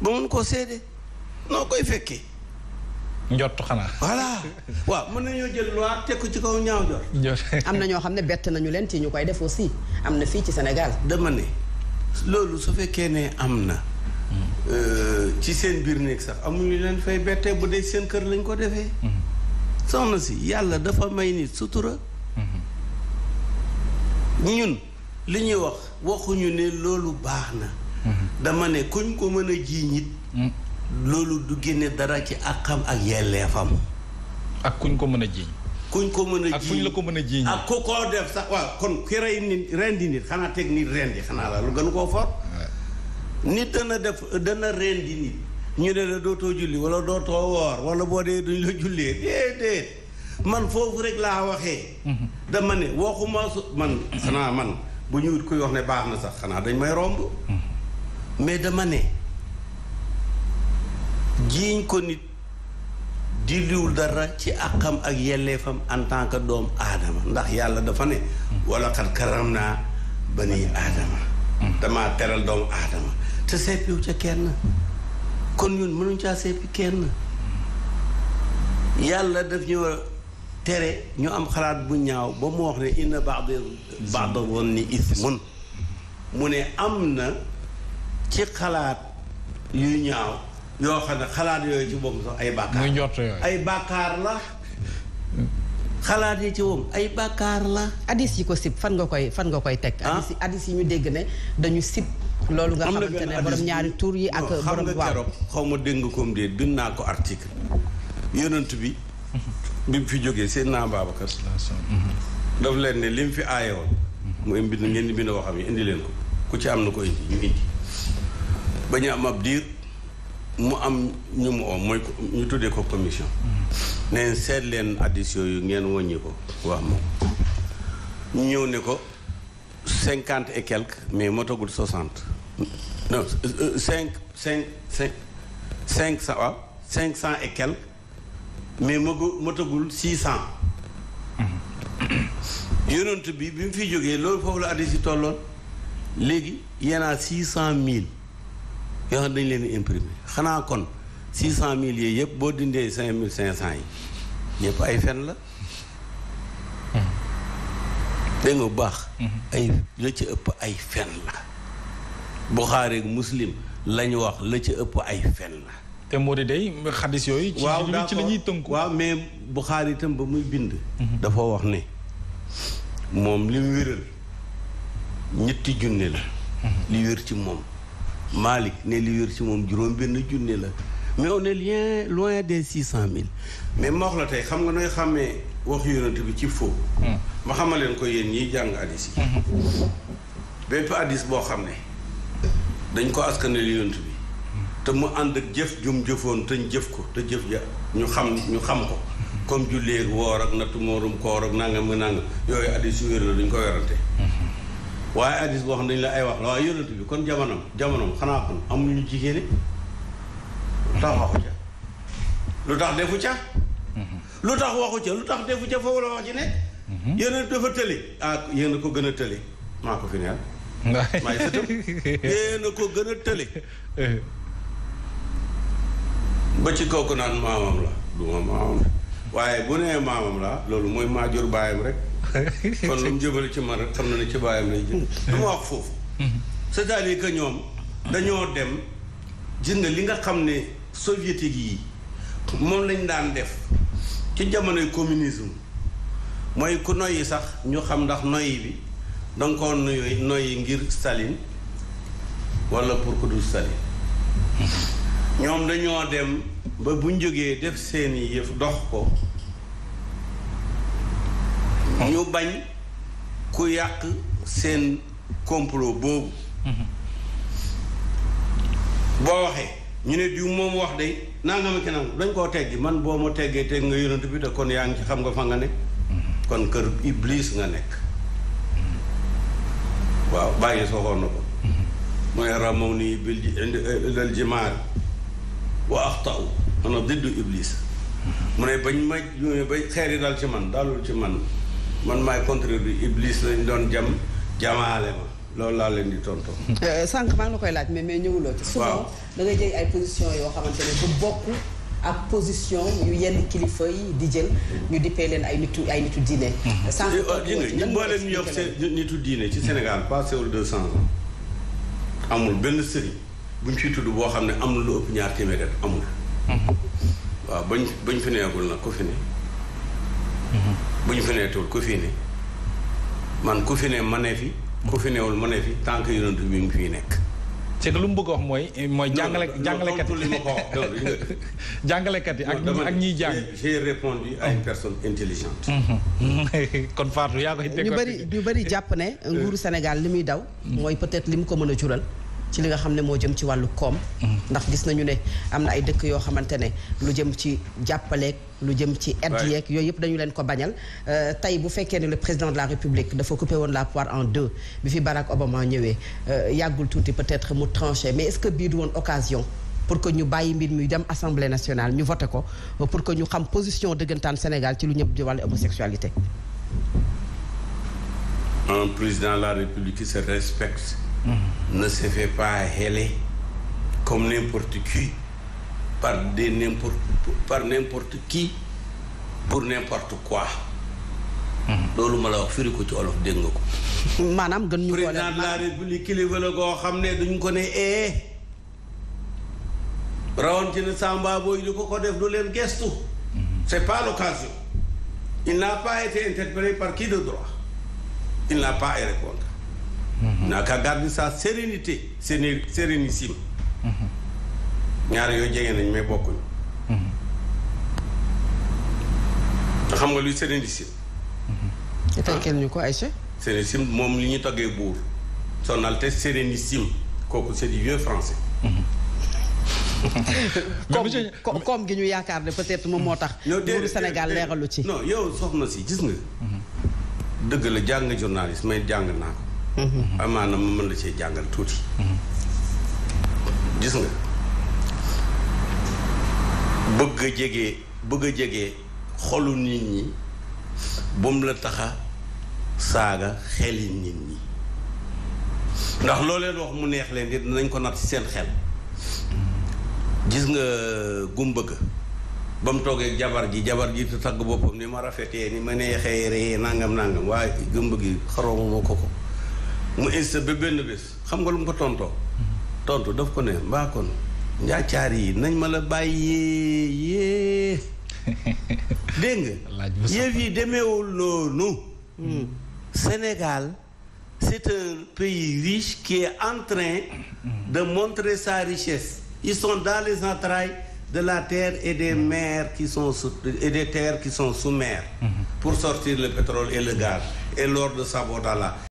ba mun koo seede noo koy fekkee. njott xanaa. voilà waaw mën nañoo jël loi teg ko ci kaw ñaaw njort. am na ñoo xam ne bett nañu leen ci ñu koy def aussi am na fii ci senegal dama ne loolu su fekkee ne am na. Euh, ci seen biir néeg sax amuñu leen fay bettee bu dee seen kër lañ ko defee. Mm-hmm. soxna si yàlla dafa may nit sutura. Mm-hmm. ñun li ñuy wax waxuñu ne loolu baax na. dama ne kuñ ko mën a jiiñ it hmm. loolu du génne dara ci àqam ak yelleefam ak kuñ ko mën a jiiñ kuñ ko mën a jiiñ ak kuñ la ko mën a jiiñ ak ku koo def sax waaw kon ki rey nit rendi nit xanaa teg nit rendi xanaa la lu gën koo for nit dana def dana rendi nit ñu ne la dootoo julli wala dootoo woor wala boo dee duñ la jullee déedéet man foofu rek laa waxee mhm. dama ne waxuma su man xanaa man bu ñu kuy wax ne baax na sax xanaa dañ may romb mhm. mais dama ne jiiñ ko nit diliwul dara ci àqam ak yelleefam en tant que doom aadama ndax yàlla dafa ne wala xat karam naa bani aadama damaa teral doomu aadama te seppiwu ca kenn kon ñun mënuñ caa seppi kenn yàlla def ñu tere ñu am xalaat bu ñaaw ba mu wax ne inna ba'da ba'da dhanni ismun mu ne am na ci xalaat yu ñaaw yoo xam ne xalaat yooyu ci boppam sax ay bàkkaar muy njort ay bàkkaar la xalaat yi ci woom ay bàkkaar la addis yi ko sib fan nga koy fan nga koy teg addis ah? yi yi ñu dégg ne dañu sib loolu nga xamante ne borom ñaari tuur yi ak borom waaw xaw ma dégg nga koom dee bind naa ko article yonent bi bi mu fi jógee seen naa Babacar daf leen ne fi aaye woon mu mbind ngeen di bind waxam yi indi leen ko ku ci am na ko indi ñu indi bañ ñu am ab diir mu am ñu mu oo mooy ñu tuddee ko commission neen seet leen addition yu ngeen wàññi ko wax ma ñëw ni ko cinquante et quelque mais motagul soixante non cinq cinq cinq cinq cent cinq cent et mais magu motagul six cent yonent bi bi mu fi jógee loolu foofu la addi si tolloon léegi yéen a six cent mille yoo leen di imprimer xanaa kon six cent mille yooyu yëpp boo dindee cinq mille cinq cent yi ñëpp ay fen la dégg bu baax la ci ëpp ay fen la Buxaari wax la ci ëpp ay fen la te moo yooyu waaw ci la ñuy tënku waaw mais Buxaari itam ba muy bind mhm. dafa wax ne moom li mu wéral ñetti junni la mhm. li wér ci moom Malick ne li wér ci moom juróom benn junne la mais on est loin loin des six cent mille mais ma wax la tey xam nga nooy xàmmee wax yonent bi ci faux hmm. ma xamal leen ko yéen ñiy jàng addis yi hmm. bépp addis boo xam ne dañ ko askanal yonent bi te mu ànd ak jëf jum jëfoon te ñu jëf ko te jëf ja ñu xam ñu xam ko hmm. comme julleeg woor ak nattu moorum koor ak nangam nga nangam yooyu addis yu wér la duñ ko werante waaye addis boo xam dañ la ay wax la waaye yonent bi kon jamonom jamonom xanaa kon amuñu jigéene lu tax waxu ca lu tax defu ca lu tax waxu ca lu tax defu ca foofu la wax ci nekk mhm. yonent dafa tëli ah yéen a ko gën a tëli maa ko fi neel maa ngi sëtam ko gën a tëli eh. ba ci kooku naan maamam la du ma la waaye bu maamam la loolu mooy maa jur rek kon lu mu jëbale ci man rek xam na ne ci bàyyam lay jëm dama wax foofu mhm. cest à que ñoom dañoo dem gis li nga xam ne soviétique yi moom lañ daan def ci jamonoy communisme mooy ku yi sax ñu xam ndax noyyi bi danga ko noyyi noyyi ngir Staline wala pour ku dul mhm. ñoom dañoo dem ba buñ jógee def seeni yëf dox ko ñu bañ ku yàq seen complot boobu mhm. boo waxee ñu ne diw moom wax de nangam ak nangam dañ koo teggi man boo ma teggee teg nga yonent bi te kon yaa ngi ci xam nga fa nga ne mhm. kon kër iblis nga nekk mhm. waaw bàyyi soo na ko mooy ramaw nii bil eh, lal jimaar wa axtaw ana diddu iblis mu ne bañ ma ñu ne ba xeer yi dal ci man dalul ci man man maay contraire bi Iblis lañ doon jam jamaale ma loolu laa leen di tontu. Euh, sànq maa la koy laaj mais mais ñëwuloo ci. souvent da ngay jël ay yoo xamante ne bu bokk ak position yu yenn yi di jël. Mm-hmm. ñu dippee leen ay nitu ay nitu diine. Mm-hmm. sànq euh, ñu boo leen yokk seen nitu diine ci mm-hmm. Sénégal passé wul deux cent ans amul benn sëriñ buñ ciy tudd boo xam ne amul na lu ëpp ñaar téeméer rek amul. waaw bañ bañ fi neegul nag ku fi bu ñu fi neetul ku fi ne man ku fi ne ma ku fi newul ma ne fi tant que bi ngi fii nekk c'est lu mu bëgg wax mooy mooy jàngale jàngalekat yi jàngalekat yi ak ak ñiy jàng j'ai répondu à une personne intelligente mm-hmm. kon Fatou yaa koy ñu bëri ñu bëri jàpp ne nguuru Sénégal li muy daw mm-hmm. mooy peut-être li mu ko mën a jural ci li nga xam ne moo jëm ci wàllu koom. Mm-hmm. ndax gis nañu ne am na ay dëkk yoo xamante ne lu jëm ci jàppaleeg lu jëm ci aide yeeg yooyu yëpp dañu leen ko bañal euh, tey bu fekkee ne le président de la république dafa coupé woon la poire en deux bi fi Barack Obama ñëwee euh, yàggul tuuti peut-être mu tranché mais est-ce que bii du woon occasion pour que ñu bàyyi mbir mi dem assemblée nationale ñu voté ko euh, pour que ñu xam position dëggantaan Sénégal ci lu ñëpp di wàllu homosexualité un président Mm-hmm. ne se fait pas héler comme n'importe qui par des n'importe par n'importe qui pour n'importe quoi. Mm-hmm. loolu ma la wax firi ko ci olof dégg nga ko. maanaam gën ñu ko président de goo xam ne duñ ko ne ee eh. rawoon ci ne samba booy di ko ko def du leen gestu. Mm-hmm. c'est pas l'occasion. il n'a pas été interpellé par qui de droit. il n'a pas à répondre. Mhm. n'a qu'à garder sa sérénité séné sérénissime. Mhm. ñaar yooyu jege nañ mais bokkuñu. Mhm. xam nga luy sérénissime. ah tekkil ñu ko Aïcha. sérénissime moom li ñu toggee buur son altesse sérénissime kooku c'est du vieux français. comme comme gi ñu yaakaar ne peut-être moom moo tax. buuru Sénégal leeralu ci. non yow soxna si gis nga. dëgg la jàng journaliste mais jàng naa ko. Mm-hmm. amaana ma mën la cee jàngal tuuti. gis nga bëgg a jege bëgg a jege xolu nit ñi bum la taxa saaga xeli nit ñi ndax loo wax mu neex leen di nañ ko nag ci seen xel gis nga euh, gumba ga ba mu toogee jabar ji jabar ji te tagg boppam ni ma rafetee ni ma neexee ree nàngam nangam waaye gumba gi xaroo ko ko mu insisté ba benn bés xam nga lu mu ko tontoo tontu daf ko ne mbaa kon njaacaar yi nañ ma la bàyyee yée dégg nga yëf yi demeewul noonu hmm. Sénégal c'est un pays riche qui est en train hmm. de montrer sa richesse ils sont dans les entrailles de la terre et des hmm. mers qui sont sous et des terres qui sont sous mer pour sortir le pétrole et le gaz et l'or de Sabodala